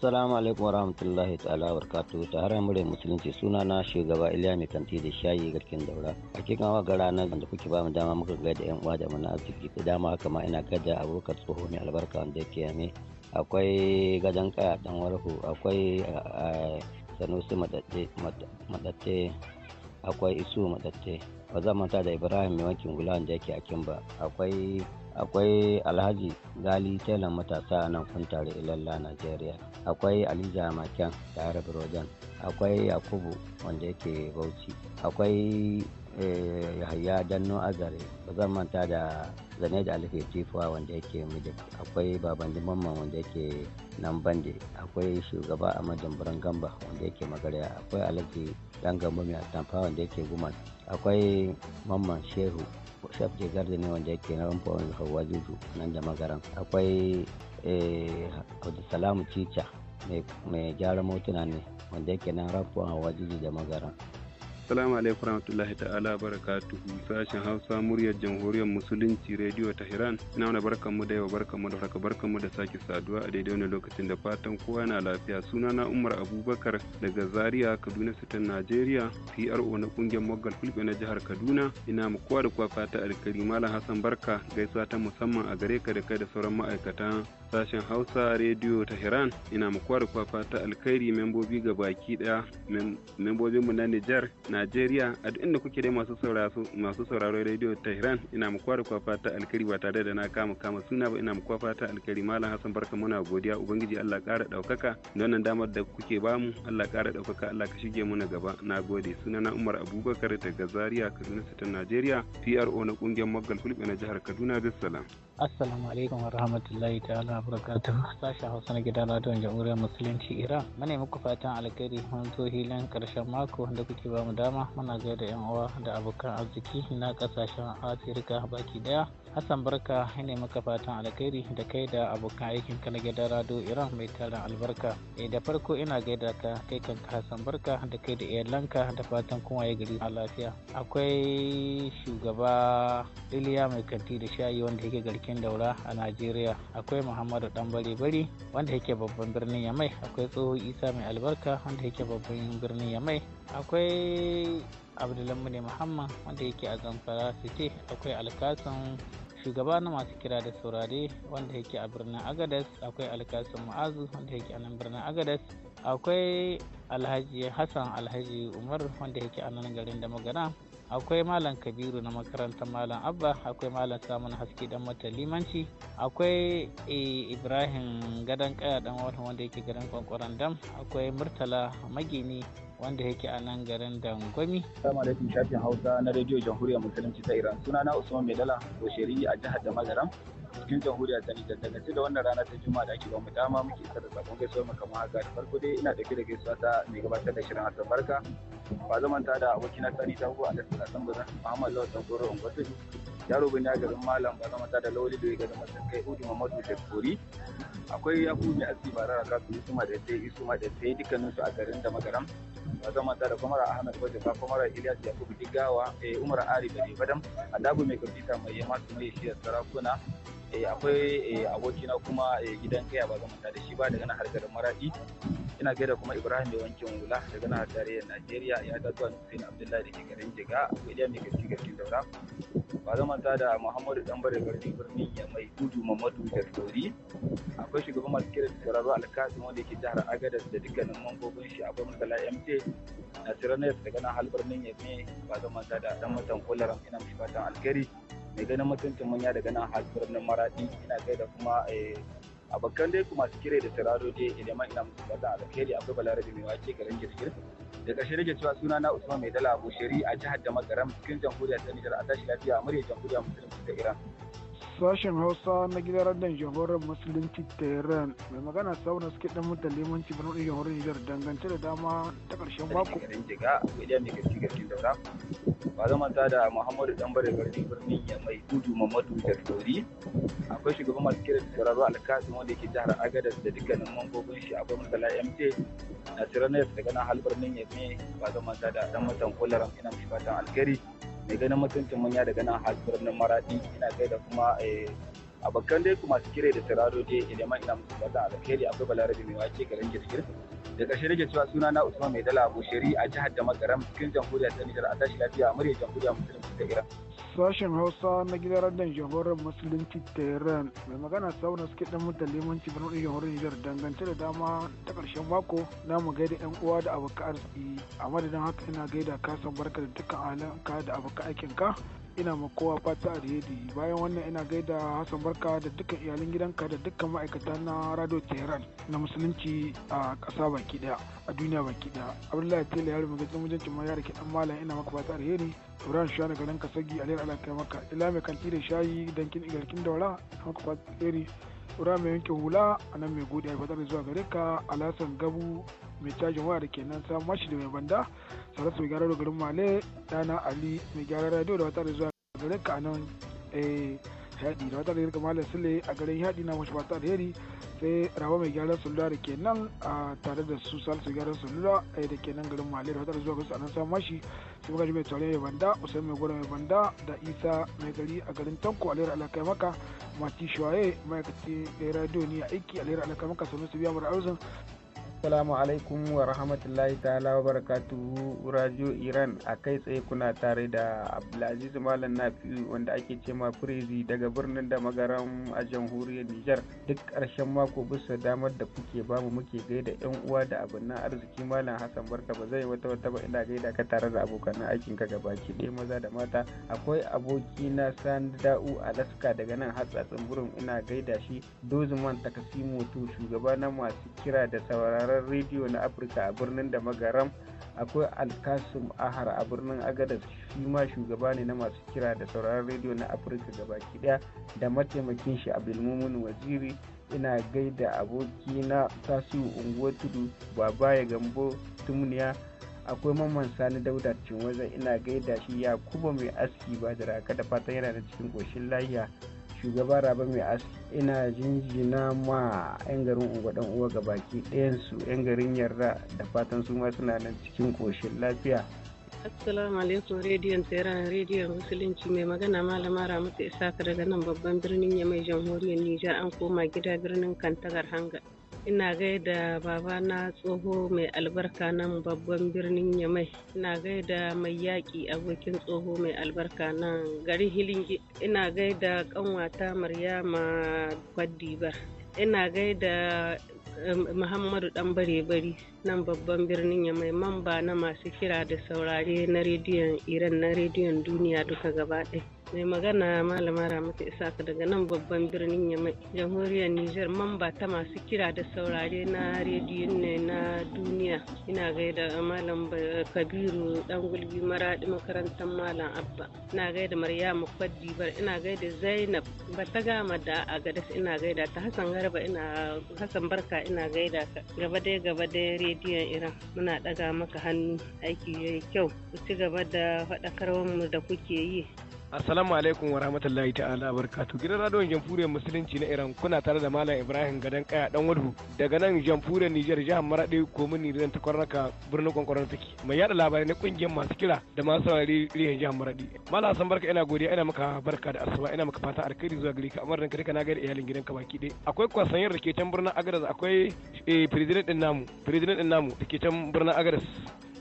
salamu alaikum warahmatullahi ta'ala barkatu ta har musulunci suna na shugaba Iliya mai kanti da shayi garkin daura hakikan wa gara nan da kuke ba mu dama muka ga da yan uwa da muna arziki da dama haka ma ina gada abokan tsoho mai albarka wanda yake yame akwai gadon kaya dan warhu akwai sanusi madatte akwai isu madatte ba zan manta da ibrahim mai wankin gula da yake a ba akwai akwai alhaji gali telan matasa a nan kuntare ilalla nigeria akwai aliza maken da arab rojan akwai yakubu wanda yake bauchi akwai Eh, yahaya danno azare ba zan manta da zane da alife tifuwa wanda yake mijik akwai baban mamman wanda yake nan bande akwai shugaba a madambaran gamba wanda yake magariya akwai alhaji dan gamba mai atamfa wanda yake guma akwai mamman shehu shaf je garda ne wanda yake na rumfa wani hawa juju nan da magaran akwai eh, abdulsalamu cica mai gyaran motuna ne wanda yake nan rumfa hawa juju da magaran Assalamu alaikum warahmatullahi ta'ala barakatuhu sashen Hausa muryar Jamhuriyar Musulunci Radio Tehran. Ina wani barkanmu da yau barkanmu da haka barkanmu da sake saduwa a daidai wani lokacin da fatan kowa na lafiya. Sunana Umar Abubakar daga Zaria, Kaduna Sitan Najeriya, PRO na kungiyar Moggal Fulbe na jihar Kaduna. Ina mu kowa da kowa fata alkari Malam Hassan Barka gaisuwa ta musamman a gare ka da kai da sauran ma'aikatan sashen hausa rediyo tehran ina mu kowa da kowa fata alkhairi membobi ga baki ɗaya membobinmu na nijar Najeriya a duk inda kuke dai masu sauraro masu sauraro Radio Tehran ina muku da kwafa ta alkari ba tare da na kama kama suna ba ina muku kwafa ta alkari Malam Hassan barka muna godiya ubangiji Allah kara daukaka don nan damar da kuke bamu Allah kara daukaka Allah ka shige mu na gaba na gode sunan Umar Abubakar daga Zaria Kaduna City Najeriya PRO na kungiyar Magal Fulbe na jihar Kaduna Bissalam. Assalamu alaikum wa rahmatullahi ta'ala wa barakatuhu sashen Hausa na gidan radiyon jamhuriyar musulunci Iran mana muku fatan alkhairi mun zo hilin karshen mako da kuke bamu dama muna gaida yan uwa da abokan arziki na kasashen Afirka baki daya Hassan Barka ina maka fatan alkhairi da kai da abokan aikin ka na gidan Rado Iran mai tarin albarka. E da farko ina gaida ka kai kan Hassan Barka da kai da iyalanka da fatan kuma ya gari a lafiya. Akwai shugaba Iliya mai kanti da shayi wanda yake garkin daura a Najeriya. Akwai Muhammadu Dan Bare Bari wanda yake babban birnin Yamai. Akwai tsoho Isa mai albarka wanda yake babban birnin Yamai. Akwai Abdulhamid Muhammad wanda yake a Zamfara City. Akwai Alkasan shugaba na masu kira da saurare wanda yake a birnin agadas akwai alkasin ma'azu wanda yake a nan birnin agadas akwai alhaji hassan alhaji umar wanda yake a nan garin da magana akwai malam kabiru na makarantar malam abba akwai malam samun haske dan mata limanci akwai eh, ibrahim gadon kaya dan wata wanda yake garin kwankwaran dam akwai murtala magini wanda yake a nan garin Dangwami. da alaikum shafin Hausa na Radio Jamhuriyar Musulunci ta Iran. Sunana Usman Maidala, Osheri a jihar da Mazaram. cikin Jamhuriyar ta Nijar daga da wannan rana ta Juma'a da ake ba mu dama muke isa da sakon gaisuwa mu kamar haka da farko dai ina dauke da gaisuwa ta mai gabatar da shirin Hassan Barka ba zaman ta da abokina Sani Tango a Lassar Hassan Bazan Muhammad Lawal Tangoro Ongwatu yaro bin garin Malam ba zaman ta da Lawali da ga masu kai Udu Mamadu da Kori akwai kuma mai asibi Barara Kasu Isuma da Sai Isuma da Sai dukkanin a garin da magaram zan manta da kwamara ahmed bajefa kwamara ilyas yakubu digawa eh, umar ari da badam adabu mai kwamfuta mai yamma mai shiyar sarakuna Eh, akwai eh, abokina kuma eh, gidan kai ba zamanta da shi ba daga nan garin maradi ina gaida kuma ibrahim da wankin wula daga nan tarayyar najeriya ya ta zuwa nufin abdullahi da ke garin jiga william da ke garin daura ba zamanta da muhammadu dambare garin birnin ya mai gudu mamadu da tori akwai shugaban masu kira da sauraro alkasim wanda ke jihar agadas da dukkanin mambobin shi akwai masala mt na siranes daga nan halbar birnin ya mai ba zamanta da dan matan kullaram ina mai fatan alkari mai ganin mutuncin manya daga nan har birnin maradi ina da kuma eh, abokan dai kuma su kire da turaro dai idan eh, ina musu fata alkhairi akwai balarabi mai wake garin girgir da ƙarshe rage cewa suna na usman mai dala bushiri a jihar da makaram cikin jamhuriyar ta nijar a tashi lafiya murya jamhuriyar musulunci ta iran sashen hausa na gidan radon jamhuriyar musulunci tehran mai magana sauna suke dan mutan limanci birnin ɗin jamhuriyar nijar dangance da dama ta karshen mako garin jiga wajen ne gaske gaske daura ba zama ta da muhammadu dan bare garin birnin ya mai gudu mamadu da tori akwai shugaban masu kira da sauraro alkasim wanda yake jihar agadas da dukkanin mambobin shi akwai masala mt na siranes daga nan halbar birnin ya mai ba zama ta da dan mutan kullaram ina mai fatan alkari. mai ganin mutuncin manya daga nan har birnin maradi ina kai da kuma eh, abokan dai kuma su kire da sauraro dai idan ma ina musu fata alkhairi akwai larabi mai wake garin girgir da ƙarshe rage cewa suna na usman mai dala abu shari a jihar da makaram cikin jamhuriyar ta nijar a tashi lafiya a murya jamhuriyar musulunci ta iran sashen hausa na gidan radon jamhuriyar musulunci ta iran mai magana na suke dan mutan limanci wani jamhuriyar nijar dangance da dama ta ƙarshen mako na mu gaida yan uwa da abokan arziki a madadin haka ina gaida kasan barka da dukkan ahalan da abokan aikin ka ina ma kowa fata alheri bayan wannan ina gaida hassan barka da dukkan iyalin gidanka da dukkan ma'aikata na radio tehran na musulunci a ƙasa baki daya a duniya baki daya abdullahi tela yaro mai gajin mujancin ma yara dan malam ina maka fata alheri ibrahim shuwa daga nan kasagi alheri ala kai maka ila mai kanti da shayi dankin igalkin ina maka fata alheri ibrahim mai yanke hula a nan mai gode a fatar zuwa gare ka alhassan gabu mai cajin waya da ke nan samun mashi da mai banda salisu mai gyara garin male dana ali mai gyara radio da wata da zuwa garin ka nan eh, haɗi da wata da garin malam sule a garin haɗi na mashi fata da yari sai raba mai gyaran sulula da ke nan a tare da su salisu gyaran salula eh, da ke nan garin male da wata da zuwa gasu a samun mashi sai magaji mai tsoron mai banda usai mai gwada mai banda da isa mai gari a garin tanko alheri alakai maka mati shuwaye ma'aikaci da radio ne a aiki alheri alakai maka sannan su biya mara arzin assalamu alaikum wa rahmatullahi ta'ala wa barakatuhu radio iran a kai tsaye kuna tare da abdulaziz malam nafi'u wanda ake ce ma firizi daga birnin da magaran a jamhuriyar nijar duk ƙarshen mako bisa damar da kuke bamu muke gaida yan uwa da abinnan arziki malam hassan barka ba zai wata wata ba ina gaida ka tare da abokan aikin ka gabaki ɗaya maza da mata akwai aboki na sanda'u alaska daga nan hatsatsin burin ina gaida shi dozman takasimoto shugaba na masu kira da sauraron sauraron rediyo na afirka a birnin da magaram akwai alkasim ahar a birnin agadas shi ma shugaba ne na masu kira da sauraron rediyo na afirka gabaki daya da mataimakin shi abdulmumin waziri ina gaida abokina tasiu unguwar tudu baba ya gambo tumniya akwai mamman sani dauda cin ina gaida shi yakuba mai aski ba da raka da fatan yana da cikin koshin lahiya shugaba rabe mai as ina jinjina ma 'yan garin unguwa dan uwa ga baki ɗayansu 'yan garin yarda da fatan su ma suna nan cikin koshin lafiya Assalamu alaikum rediyon Tehran rediyon Musulunci mai magana malama Ramatu isa daga nan babban birnin Yamai jamhuriyar Nijar an koma gida birnin Kantagar Hanga. ina gaida babana tsoho mai albarka nan babban birnin yamai ina gaida mai yaƙi abokin tsoho mai albarka nan garin hilingi ina gaida kanwata maryama kwadiba ina gaida eh, Muhammadu ɗan Bare-bari nan babban birnin ya mai mamba na masu kira da saurare na rediyon Iran na rediyon duniya duka gaba ɗaya. mai magana malama ramata isaka daga nan babban birnin yamai jamhuriyar niger mamba ta masu kira da saurare na rediyon ne na duniya ina gaida malam kabiru dan gulbi maradi makarantar malam abba ina gaida maryamu kwadibar ina gaida zainab ta gama da agadas ina gaida ta hassan garba ina hassan barka ina gaida ka gaba dai gaba dai rediyon iran muna daga maka hannu aiki yayi kyau ku ci gaba da faɗakarwar mu da kuke yi Assalamu alaikum wa rahmatullahi ta'ala barkatu. Gidan radiyon Jamhuriyar Musulunci na Iran kuna tare da Malam Ibrahim Gadan Kaya Dan Wadu daga nan Jamhuriyar Nijar jihar Maradi komin zan ta kwarnaka birnin Kwankwaron take. Mai yada labarai na kungiyar masu kira da masu saurari riyan jihar Maradi. Malam Hassan barka ina godiya ina maka barka da asuba ina maka fata alkhairi zuwa gari ka amma ranka ka na ga iyalin gidanka baki dai. Akwai kwasanyar da ke can birnin Agadez akwai eh president din namu president din namu da ke can birnin Agadez.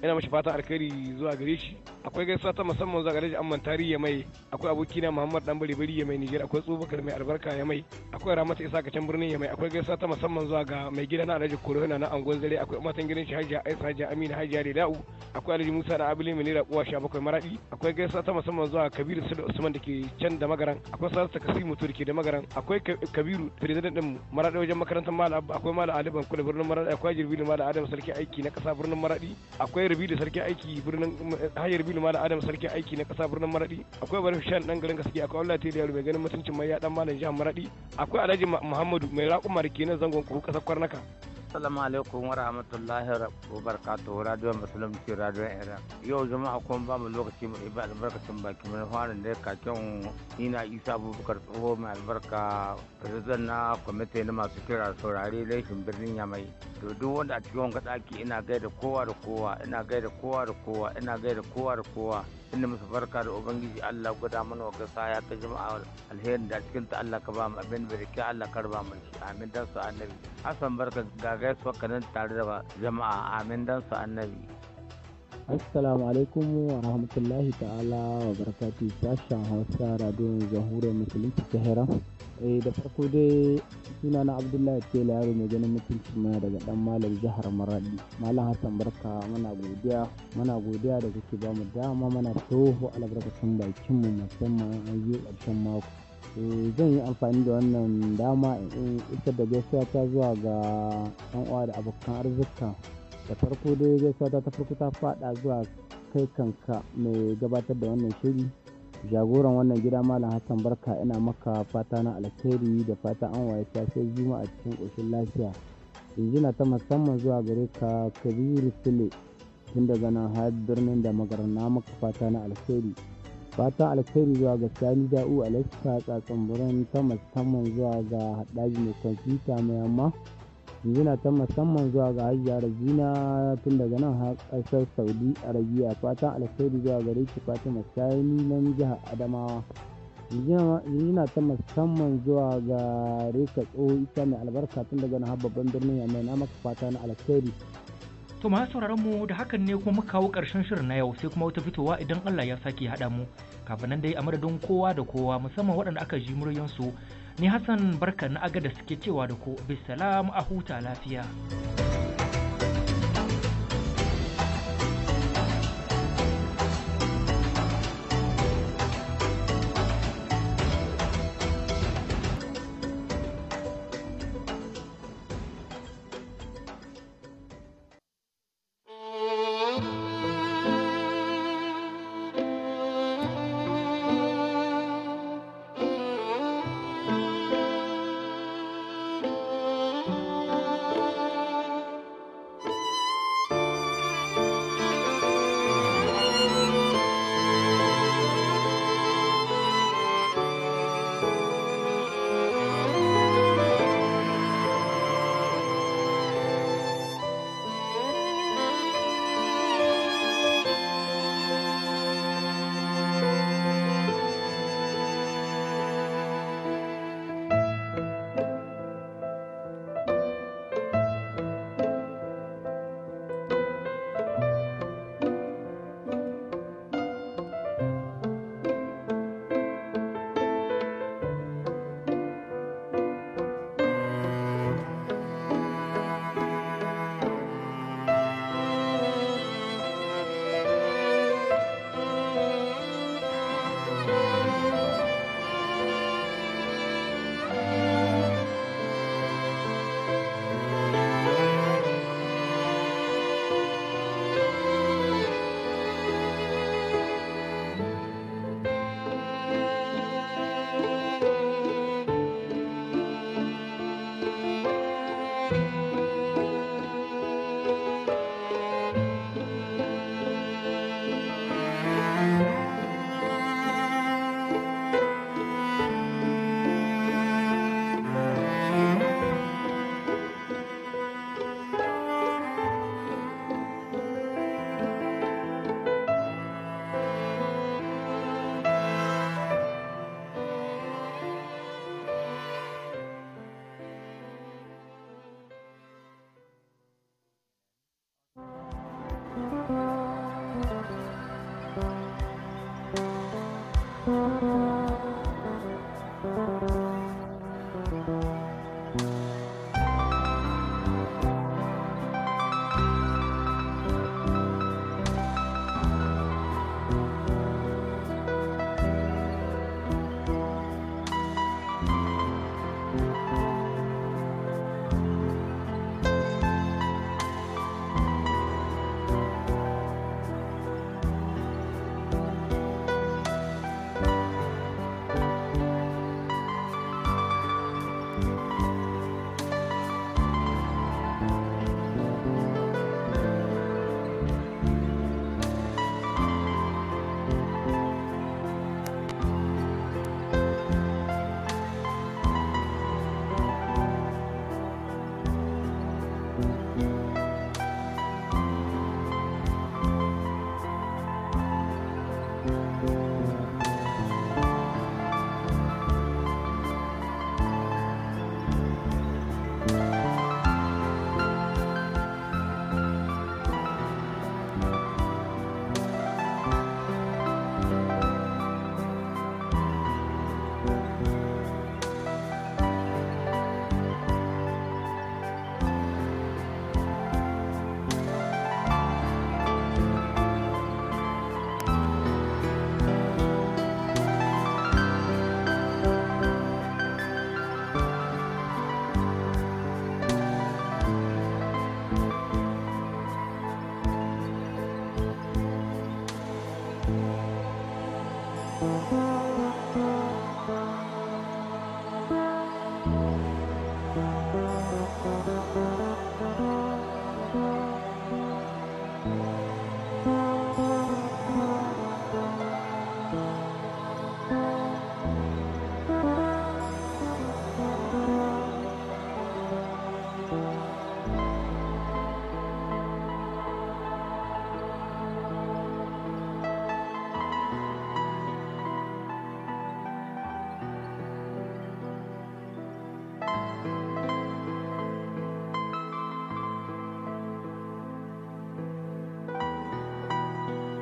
ina mashi fata alkhairi zuwa gare shi akwai gaisuwa ta musamman zuwa gare shi amman tari ya mai akwai na muhammad dan bari bari ya mai niger akwai tsubakar mai albarka ya mai akwai ramata isa ka can birnin ya mai akwai gaisuwa ta musamman zuwa ga mai gida na alhaji korona na angon zare akwai matan gidan shi hajiya aisa hajiya amina hajiya ridau akwai alhaji musa da abili mai naira kowa sha bakwai maradi akwai gaisuwa ta musamman zuwa kabiru sulu usman da ke can da magaran akwai sarar ta kasimu mutu da ke da magaran akwai kabiru president din maradi wajen makarantar malam akwai malam aliban kula birnin maradi akwai jirbi da malam adam sarki aiki na kasa birnin maradi akwai bilu sarki aiki birnin hayar bilu malam adam sarki aiki na kasa birnin maradi akwai Barif shan dan garin gaske akwai Allah tele yaro mai ganin mutuncin mai ya dan malam jihar maradi akwai alhaji muhammadu mai raƙuma da kenan zangon kuhu kasar kwarnaka Assalamu alaikum wa rahmatullahi wa barakatuhu radio musulunci radio Iran. Yau jama'a kun ba mu lokaci mu ibada albarkacin baki mun fara da kakin ina Isa Abubakar tsoho mai albarka president na kwamiti na masu kira saurare laifin birnin Yamai. To duk wanda a cikin wanga daki ina gaida kowa da kowa ina gaida kowa da kowa ina gaida kowa da kowa. inda musu barka da ubangiji Allah guda mana wa ya ta jama'a alherin da cikin ta Allah ka ba mu abin barke Allah ka raba mu shi amin dan su annabi Hassan barka ga gaisuwa kanan tare da jama'a amin dan su annabi assalamu alaikum wa rahmatullahi ta'ala wa barakatuh sashen hausa radio jamhuriyar musulunci ta Eh da farko dai suna na Abdullahi Tela yaro mai ganin mutuncin mana daga dan Malam jihar Maradi. Malam Hassan barka mana godiya, mana godiya da kuke ba mu dama mana toho albarkacin bakin mu musamman an yi karshen mako. Eh, zan yi amfani da wannan dama in ita da gaisuwa ta zuwa ga yan uwa da abokan arzika da farko dai gaisuwa ta farko ta faɗa zuwa kai kanka mai gabatar da wannan shiri jagoran wannan gida malam hassan barka ina maka fata na alkhairi da fata an waye ta sai a cikin ƙoshin lafiya injina ta musamman zuwa gare ka kabiru sule tun daga nan har birnin da magarna maka fata na alkhairi fata alkhairi zuwa ga sani da'u alaska tsatsan birnin ta musamman zuwa ga haɗaji mai kwamfuta mai yamma na ta musamman zuwa ga hajiya rajina tun daga nan har ƙasar Saudi Arabia fatan alkhairi zuwa gare ki Fatima Sani nan jihar Adamawa. na ta musamman zuwa ga Reka Tsoho ita mai albarka tun daga nan har babban birnin Yamai na maka fata na alkhairi. To ma sauraron mu da hakan ne kuma muka kawo ƙarshen shirin na yau sai kuma wata fitowa idan Allah ya sake haɗa mu. Kafin nan dai a madadin kowa da kowa musamman waɗanda aka ji muryansu ni Hassan barka na agada suke cewa da ku bisalam a huta lafiya.